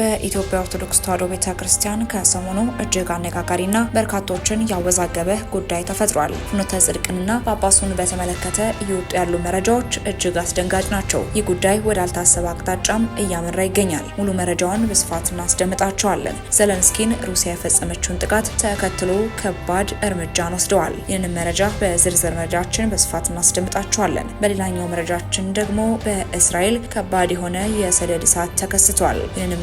በኢትዮጵያ ኦርቶዶክስ ተዋሕዶ ቤተ ክርስቲያን ከሰሞኑ እጅግ አነጋጋሪና በርካቶችን ያወዛገበ ጉዳይ ተፈጥሯል። ፍኖተ ጽድቅንና ጳጳሱን በተመለከተ እየወጡ ያሉ መረጃዎች እጅግ አስደንጋጭ ናቸው። ይህ ጉዳይ ወዳልታሰበ አቅጣጫም እያመራ ይገኛል። ሙሉ መረጃውን በስፋት እናስደምጣቸዋለን። ዘለንስኪን ሩሲያ የፈጸመችውን ጥቃት ተከትሎ ከባድ እርምጃን ወስደዋል። ይህንን መረጃ በዝርዝር መረጃችን በስፋት እናስደምጣቸዋለን። በሌላኛው መረጃችን ደግሞ በእስራኤል ከባድ የሆነ የሰደድ እሳት ተከስቷል። ይህንም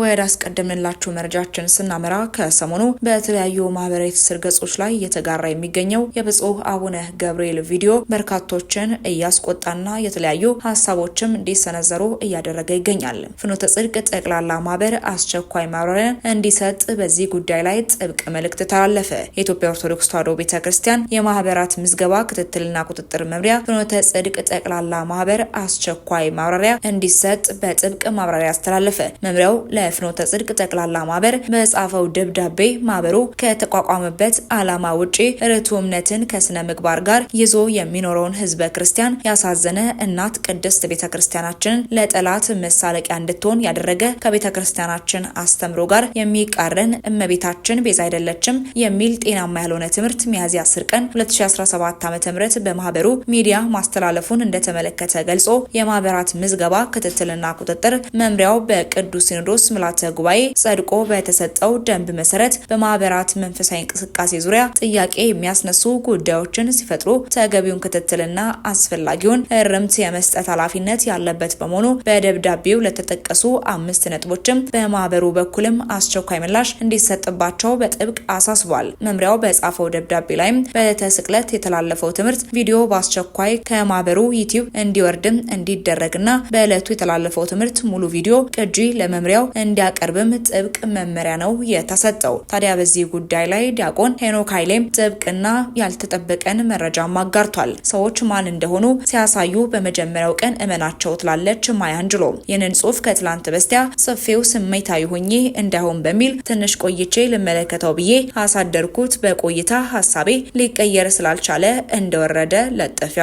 ወደ አስቀደምንላችሁ መረጃችን ስናመራ ከሰሞኑ በተለያዩ ማህበራዊ ትስስር ገጾች ላይ እየተጋራ የሚገኘው የብፁዕ አቡነ ገብርኤል ቪዲዮ በርካቶችን እያስቆጣና የተለያዩ ሀሳቦችም እንዲሰነዘሩ እያደረገ ይገኛል። ፍኖተ ጽድቅ ጠቅላላ ማህበር አስቸኳይ ማብራሪያ እንዲሰጥ በዚህ ጉዳይ ላይ ጥብቅ መልእክት ተላለፈ። የኢትዮጵያ ኦርቶዶክስ ተዋሕዶ ቤተ ክርስቲያን የማህበራት ምዝገባ ክትትልና ቁጥጥር መምሪያ ፍኖተ ጽድቅ ጠቅላላ ማህበር አስቸኳይ ማብራሪያ እንዲሰጥ በጥብቅ ማብራሪያ አስተላለፈ። መምሪያው ለ ለፍኖተ ጽድቅ ጠቅላላ ማህበር በጻፈው ደብዳቤ ማህበሩ ከተቋቋመበት ዓላማ ውጪ ርቱ እምነትን ከስነ ምግባር ጋር ይዞ የሚኖረውን ህዝበ ክርስቲያን ያሳዘነ እናት ቅድስት ቤተ ክርስቲያናችንን ለጠላት መሳለቂያ እንድትሆን ያደረገ ከቤተ ክርስቲያናችን አስተምሮ ጋር የሚቃረን እመቤታችን ቤዛ አይደለችም የሚል ጤናማ ያልሆነ ትምህርት ሚያዝያ 10 ቀን 2017 ዓ.ም በማህበሩ ሚዲያ ማስተላለፉን እንደተመለከተ ገልጾ የማህበራት ምዝገባ ክትትልና ቁጥጥር መምሪያው በቅዱስ ሲኖዶስ ምልዓተ ጉባኤ ጸድቆ በተሰጠው ደንብ መሰረት በማህበራት መንፈሳዊ እንቅስቃሴ ዙሪያ ጥያቄ የሚያስነሱ ጉዳዮችን ሲፈጥሩ ተገቢውን ክትትልና አስፈላጊውን እርምት የመስጠት ኃላፊነት ያለበት በመሆኑ በደብዳቤው ለተጠቀሱ አምስት ነጥቦችም በማህበሩ በኩልም አስቸኳይ ምላሽ እንዲሰጥባቸው በጥብቅ አሳስቧል። መምሪያው በጻፈው ደብዳቤ ላይም በተስቅለት የተላለፈው ትምህርት ቪዲዮ በአስቸኳይ ከማህበሩ ዩቲዩብ እንዲወርድም እንዲደረግና በዕለቱ የተላለፈው ትምህርት ሙሉ ቪዲዮ ቅጂ ለመምሪያው እንዲያቀርብም ጥብቅ መመሪያ ነው የተሰጠው። ታዲያ በዚህ ጉዳይ ላይ ዲያቆን ሄኖክ ኃይሌም ጥብቅና ያልተጠበቀን መረጃም አጋርቷል። ሰዎች ማን እንደሆኑ ሲያሳዩ በመጀመሪያው ቀን እመናቸው ትላለች ማያ አንጅሎ። ይህንን ጽሁፍ ከትላንት በስቲያ ጽፌው ስሜታዊ ሆኜ እንዳይሆን በሚል ትንሽ ቆይቼ ልመለከተው ብዬ አሳደርኩት። በቆይታ ሀሳቤ ሊቀየር ስላልቻለ እንደወረደ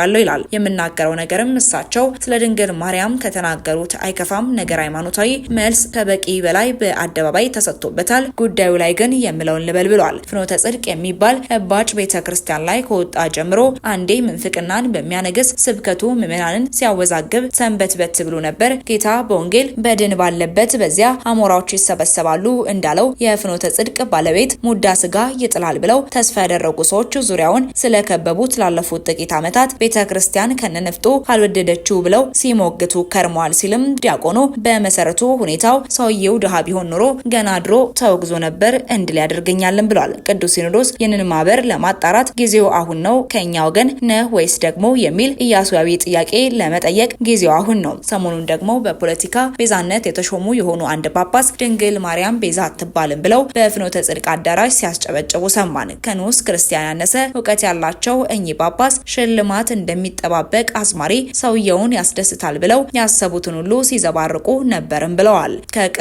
ያለው ይላል። የምናገረው ነገርም እሳቸው ስለ ድንግል ማርያም ከተናገሩት አይከፋም ነገር ሃይማኖታዊ መልስ ከበቂ በላይ በአደባባይ ተሰጥቶበታል። ጉዳዩ ላይ ግን የምለውን ልበል ብሏል። ፍኖተ ጽድቅ የሚባል እባጭ ቤተ ክርስቲያን ላይ ከወጣ ጀምሮ አንዴ ምንፍቅናን በሚያነግስ ስብከቱ ምዕመናንን ሲያወዛግብ ሰንበትበት ብሎ ነበር። ጌታ በወንጌል በድን ባለበት በዚያ አሞራዎች ይሰበሰባሉ እንዳለው የፍኖተ ጽድቅ ባለቤት ሙዳ ስጋ ይጥላል ብለው ተስፋ ያደረጉ ሰዎች ዙሪያውን ስለከበቡት ላለፉት ጥቂት ዓመታት ቤተ ክርስቲያን ከነነፍጡ አልወደደችው ብለው ሲሞግቱ ከርመዋል ሲልም ዲያቆኑ በመሰረቱ ሁኔታው ሰውየ ሰውየው ድሃ ቢሆን ኖሮ ገና ድሮ ተወግዞ ነበር እንድል ያደርገኛለን ብሏል። ቅዱስ ሲኖዶስ ይህንን ማህበር ለማጣራት ጊዜው አሁን ነው ከእኛ ወገን ነህ ወይስ ደግሞ የሚል ኢያሱያዊ ጥያቄ ለመጠየቅ ጊዜው አሁን ነው። ሰሞኑን ደግሞ በፖለቲካ ቤዛነት የተሾሙ የሆኑ አንድ ጳጳስ ድንግል ማርያም ቤዛ አትባልም ብለው በፍኖተ ጽድቅ አዳራሽ ሲያስጨበጭቡ ሰማን። ከንዑስ ክርስቲያን ያነሰ እውቀት ያላቸው እኚህ ጳጳስ ሽልማት እንደሚጠባበቅ አስማሪ ሰውየውን ያስደስታል ብለው ያሰቡትን ሁሉ ሲዘባርቁ ነበርም ብለዋል።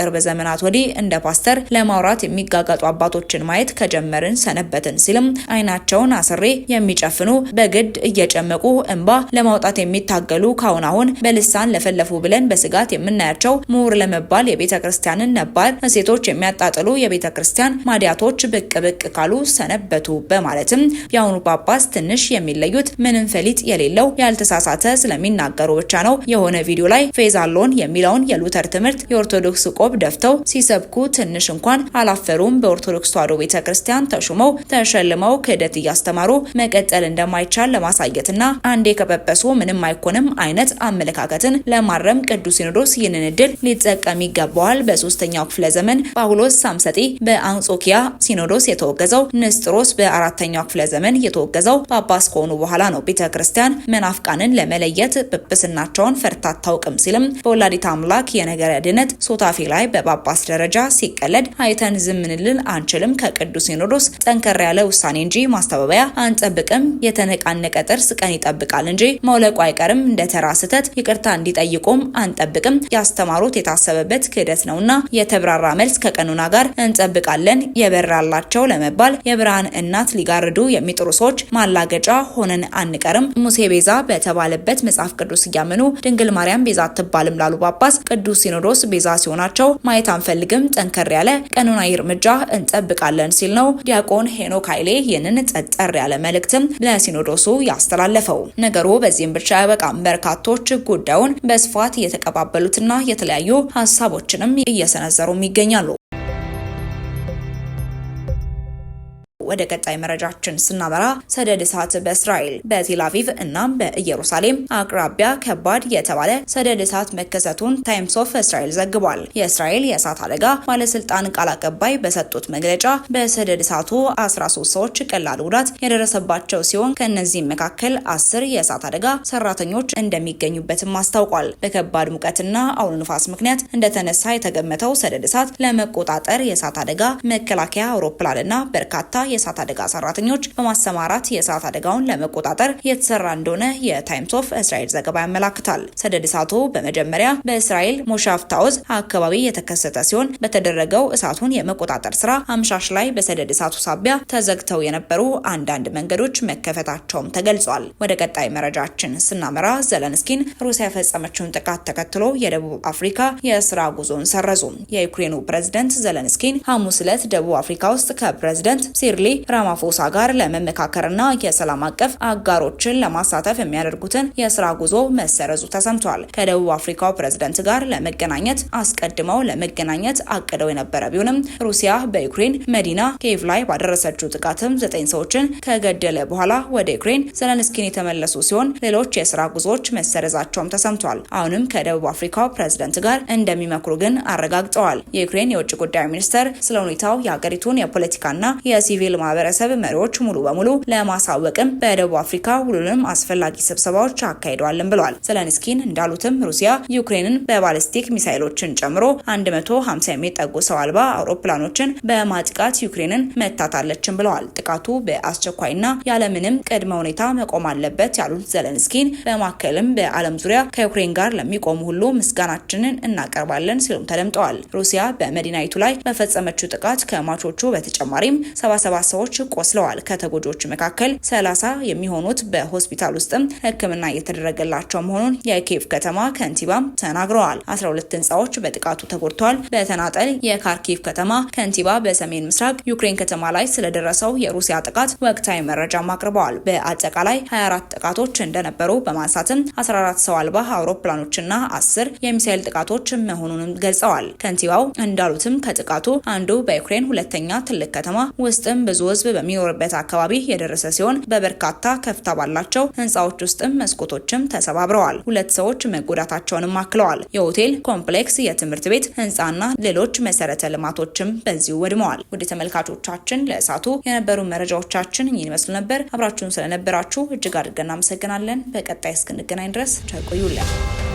ከቅርብ ዘመናት ወዲህ እንደ ፓስተር ለማውራት የሚጋጋጡ አባቶችን ማየት ከጀመርን ሰነበትን ሲልም አይናቸውን አስሬ የሚጨፍኑ በግድ እየጨመቁ እንባ ለማውጣት የሚታገሉ ካሁን አሁን በልሳን ለፈለፉ ብለን በስጋት የምናያቸው ምሁር ለመባል የቤተ ክርስቲያንን ነባር እሴቶች የሚያጣጥሉ የቤተ ክርስቲያን ማዲያቶች ብቅ ብቅ ካሉ ሰነበቱ በማለትም የአሁኑ ጳጳስ ትንሽ የሚለዩት ምንም ፈሊጥ የሌለው ያልተሳሳተ ስለሚናገሩ ብቻ ነው። የሆነ ቪዲዮ ላይ ፌዛሎን የሚለውን የሉተር ትምህርት የኦርቶዶክስ ቆብ ቆብ ደፍተው ሲሰብኩ ትንሽ እንኳን አላፈሩም። በኦርቶዶክስ ተዋሕዶ ቤተ ክርስቲያን ተሹመው ተሸልመው ክህደት እያስተማሩ መቀጠል እንደማይቻል ለማሳየትና አንዴ ከጳጳሱ ምንም አይኮንም አይነት አመለካከትን ለማረም ቅዱስ ሲኖዶስ ይህንን እድል ሊጠቀም ይገባዋል። በሶስተኛው ክፍለ ዘመን ጳውሎስ ሳምሰጤ በአንጾኪያ ሲኖዶስ የተወገዘው፣ ንስጥሮስ በአራተኛው ክፍለ ዘመን የተወገዘው ጳጳስ ከሆኑ በኋላ ነው። ቤተ ክርስቲያን መናፍቃንን ለመለየት ጵጵስናቸውን ፈርታ አታውቅም ሲልም በወላዲት አምላክ የነገረ ድነት ሶታፌ ላይ ላይ በጳጳስ ደረጃ ሲቀለድ አይተን ዝምንልን አንችልም። ከቅዱስ ሲኖዶስ ጠንከር ያለ ውሳኔ እንጂ ማስተባበያ አንጠብቅም። የተነቃነቀ ጥርስ ቀን ይጠብቃል እንጂ መውለቁ አይቀርም። እንደ ተራ ስህተት ይቅርታ እንዲጠይቁም አንጠብቅም። ያስተማሩት የታሰበበት ክህደት ነውና የተብራራ መልስ ከቀኑና ጋር እንጠብቃለን። የበራላቸው ለመባል የብርሃን እናት ሊጋርዱ የሚጥሩ ሰዎች ማላገጫ ሆነን አንቀርም። ሙሴ ቤዛ በተባለበት መጽሐፍ ቅዱስ እያመኑ ድንግል ማርያም ቤዛ አትባልም ላሉ ጳጳስ ቅዱስ ሲኖዶስ ቤዛ ሲሆናቸው ማየት አንፈልግም፣ ጠንከር ያለ ቀኖናዊ እርምጃ እንጠብቃለን ሲል ነው ዲያቆን ሄኖክ ኃይሌ ይህንን ጠጠር ያለ መልእክትም ለሲኖዶሱ ያስተላለፈው። ነገሩ በዚህም ብቻ አይበቃም። በርካቶች ጉዳዩን በስፋት እየተቀባበሉትና የተለያዩ ሀሳቦችንም እየሰነዘሩም ይገኛሉ። ወደ ቀጣይ መረጃችን ስናመራ ሰደድ እሳት በእስራኤል በቴል አቪቭ በኢየሩሳሌም አቅራቢያ ከባድ የተባለ ሰደድ እሳት መከሰቱን ታይምስ ኦፍ እስራኤል ዘግቧል። የእስራኤል የእሳት አደጋ ባለስልጣን ቃል አቀባይ በሰጡት መግለጫ በሰደድ እሳቱ 13 ሰዎች ቀላል ጉዳት የደረሰባቸው ሲሆን ከእነዚህም መካከል አስር የእሳት አደጋ ሰራተኞች እንደሚገኙበትም አስታውቋል። በከባድ ሙቀትና አውሎ ንፋስ ምክንያት እንደተነሳ የተገመተው ሰደድ እሳት ለመቆጣጠር የእሳት አደጋ መከላከያ አውሮፕላንና በርካታ የእሳት አደጋ ሰራተኞች በማሰማራት የእሳት አደጋውን ለመቆጣጠር የተሰራ እንደሆነ የታይምስ ኦፍ እስራኤል ዘገባ ያመላክታል። ሰደድ እሳቱ በመጀመሪያ በእስራኤል ሞሻፍታውዝ አካባቢ የተከሰተ ሲሆን በተደረገው እሳቱን የመቆጣጠር ስራ አምሻሽ ላይ በሰደድ እሳቱ ሳቢያ ተዘግተው የነበሩ አንዳንድ መንገዶች መከፈታቸውም ተገልጿል። ወደ ቀጣይ መረጃችን ስናመራ ዘለንስኪን ሩሲያ የፈጸመችውን ጥቃት ተከትሎ የደቡብ አፍሪካ የስራ ጉዞን ሰረዙ። የዩክሬኑ ፕሬዝደንት ዘለንስኪን ሐሙስ ዕለት ደቡብ አፍሪካ ውስጥ ከፕሬዝደንት ሲርሊ ሲሪል ራማፎሳ ጋር ለመመካከርና የሰላም አቀፍ አጋሮችን ለማሳተፍ የሚያደርጉትን የስራ ጉዞ መሰረዙ ተሰምቷል። ከደቡብ አፍሪካው ፕሬዝደንት ጋር ለመገናኘት አስቀድመው ለመገናኘት አቅደው የነበረ ቢሆንም ሩሲያ በዩክሬን መዲና ኬቭ ላይ ባደረሰችው ጥቃትም ዘጠኝ ሰዎችን ከገደለ በኋላ ወደ ዩክሬን ዘለንስኪን የተመለሱ ሲሆን ሌሎች የስራ ጉዞዎች መሰረዛቸውም ተሰምቷል። አሁንም ከደቡብ አፍሪካው ፕሬዝደንት ጋር እንደሚመክሩ ግን አረጋግጠዋል። የዩክሬን የውጭ ጉዳይ ሚኒስተር ስለ ሁኔታው የሀገሪቱን የፖለቲካና የሲቪል የሲቪል ማህበረሰብ መሪዎች ሙሉ በሙሉ ለማሳወቅም በደቡብ አፍሪካ ሁሉንም አስፈላጊ ስብሰባዎች አካሂደዋልን ብለዋል። ዘለንስኪን እንዳሉትም ሩሲያ ዩክሬንን በባሊስቲክ ሚሳይሎችን ጨምሮ 150 የሚጠጉ ሰው አልባ አውሮፕላኖችን በማጥቃት ዩክሬንን መታታለችን ብለዋል። ጥቃቱ በአስቸኳይና ያለምንም ቅድመ ሁኔታ መቆም አለበት ያሉት ዘለንስኪን በማከልም በዓለም ዙሪያ ከዩክሬን ጋር ለሚቆሙ ሁሉ ምስጋናችንን እናቀርባለን ሲሉም ተደምጠዋል። ሩሲያ በመዲናይቱ ላይ በፈጸመችው ጥቃት ከማቾቹ በተጨማሪም 77 ሰዎች ቆስለዋል። ከተጎጂዎች መካከል ሰላሳ የሚሆኑት በሆስፒታል ውስጥም ሕክምና እየተደረገላቸው መሆኑን የኬቭ ከተማ ከንቲባም ተናግረዋል። ሁለት ህንፃዎች በጥቃቱ ተጎድተዋል። በተናጠል የካርኪቭ ከተማ ከንቲባ በሰሜን ምስራቅ ዩክሬን ከተማ ላይ ስለደረሰው የሩሲያ ጥቃት ወቅታዊ መረጃም አቅርበዋል። በአጠቃላይ 24 ጥቃቶች እንደነበሩ በማንሳትም 14 ሰው አልባ አውሮፕላኖችና አስር የሚሳኤል ጥቃቶች መሆኑንም ገልጸዋል። ከንቲባው እንዳሉትም ከጥቃቱ አንዱ በዩክሬን ሁለተኛ ትልቅ ከተማ ውስጥም ብዙ ህዝብ በሚኖርበት አካባቢ የደረሰ ሲሆን በበርካታ ከፍታ ባላቸው ህንፃዎች ውስጥም መስኮቶችም ተሰባብረዋል። ሁለት ሰዎች መጎዳታቸውንም አክለዋል። የሆቴል ኮምፕሌክስ፣ የትምህርት ቤት ህንፃና ሌሎች መሰረተ ልማቶችም በዚሁ ወድመዋል። ወደ ተመልካቾቻችን ለእሳቱ የነበሩ መረጃዎቻችን እኝን ይመስሉ ነበር። አብራችሁን ስለነበራችሁ እጅግ አድርገን እናመሰግናለን። በቀጣይ እስክንገናኝ ድረስ ቸር ቆዩልን።